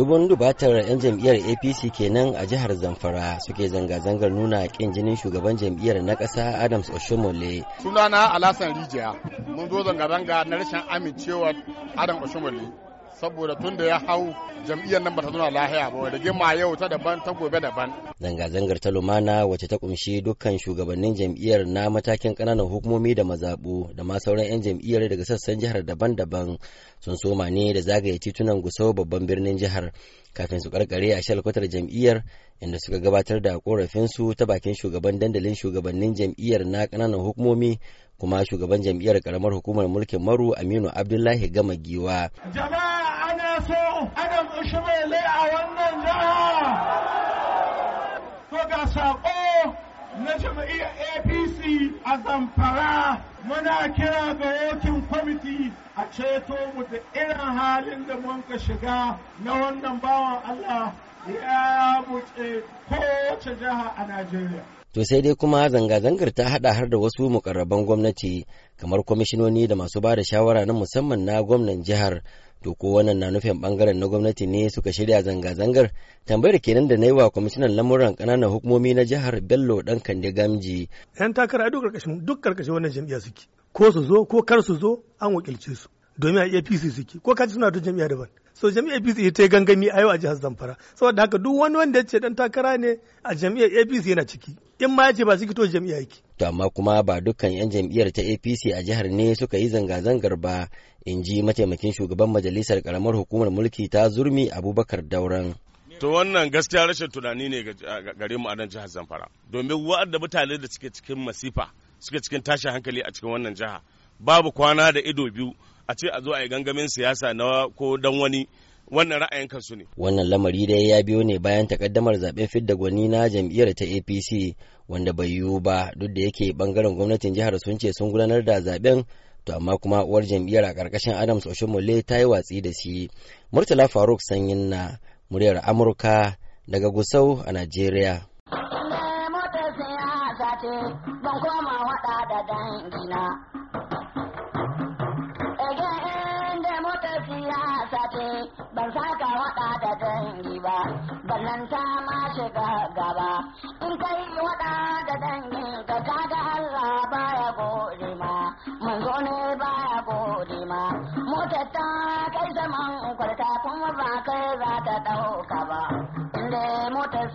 dubun dubatar 'yan jam'iyyar apc kenan a jihar zamfara suke zanga-zangar nuna kin jinin shugaban jam'iyyar na ƙasa adams oshomole sunana alasan rijiya mun zo zanga-zanga na rashin amincewar adam oshomole saboda tun da ya hau jam'iyyar nan bata nuna lahiya ba da gima yau ta daban ta gobe daban zanga-zangar ta lumana wacce ta kumshi dukkan shugabannin jam'iyyar na matakin ƙananan hukumomi da mazabu da ma sauran 'yan jam'iyyar daga sassan jihar daban-daban sun soma ne da zagaye titunan gusau babban birnin jihar kafin su karkare a shalkwatar jam'iyyar inda suka gabatar da korafinsu ta bakin shugaban dandalin shugabannin jam'iyyar na kananan hukumomi kuma shugaban jam'iyyar karamar hukumar mulkin maru aminu abdullahi gama giwa jama'a ana so adam ushimele a wannan jiha to ga sako na jama'iyyar apc a zamfara muna kira ga yankin kwamiti a ceto mu da irin halin da muka shiga na wannan bawan allah ya buce kowace jiha a najeriya to sai dai kuma zanga-zangar ta haɗa har da wasu mukarraban gwamnati kamar kwamishinoni da masu ba da shawara na musamman na gwamnan jihar to ko wannan na nufin bangaren na gwamnati ne suka shirya zanga-zangar tambayar kenan da na yi wa kwamishinan lamuran kananan hukumomi na jihar bello dan kande gamji yan takara duk karkashin duk karkashin wannan jam'iyya suke ko su zo ko kar su zo an wakilce su domin a apc suke ko kaji suna da jam'iyya daban so jami'ar apc ta gangami a yau a jihar zamfara saboda haka duk wani wanda ya ce dan takara ne a jami'ar apc yana ciki in ma ya ce ba ciki to jami'a yake to amma kuma ba dukkan 'yan jam'iyyar ta apc a jihar ne suka yi zanga-zangar ba in ji mataimakin shugaban majalisar karamar hukumar mulki ta zurmi abubakar dauran to wannan gaskiya rashin tunani ne gare mu a nan jihar zamfara domin wa'adda mutane da suke cikin masifa suke cikin tashin hankali a cikin wannan jiha babu kwana da ido biyu a ce a zo a yi gangamin siyasa na ko dan wani wannan ra'ayin kansu ne. Wannan lamari dai ya biyo ne bayan takaddamar zaɓen fidda gwani na jam'iyyar ta APC wanda bai yiwu ba duk da yake bangaren gwamnatin jihar sun ce sun gudanar da zaɓen, to amma kuma uwar jam'iyyar a karkashin Adams Oshomole ta yi watsi da shi. Murtala Faruk Sanyin na muryar Amurka daga Gusau a Najeriya. Ban koma waɗa da dangina siyasa sace ban saka wada da dangi ba ballan ta ma shiga gaba in kai waɗa da dangi ka kaga Allah baya gode ma manzo ne baya gode ma motar ta kai zaman kwalta kuma ba kai za ta ɗauka ba inda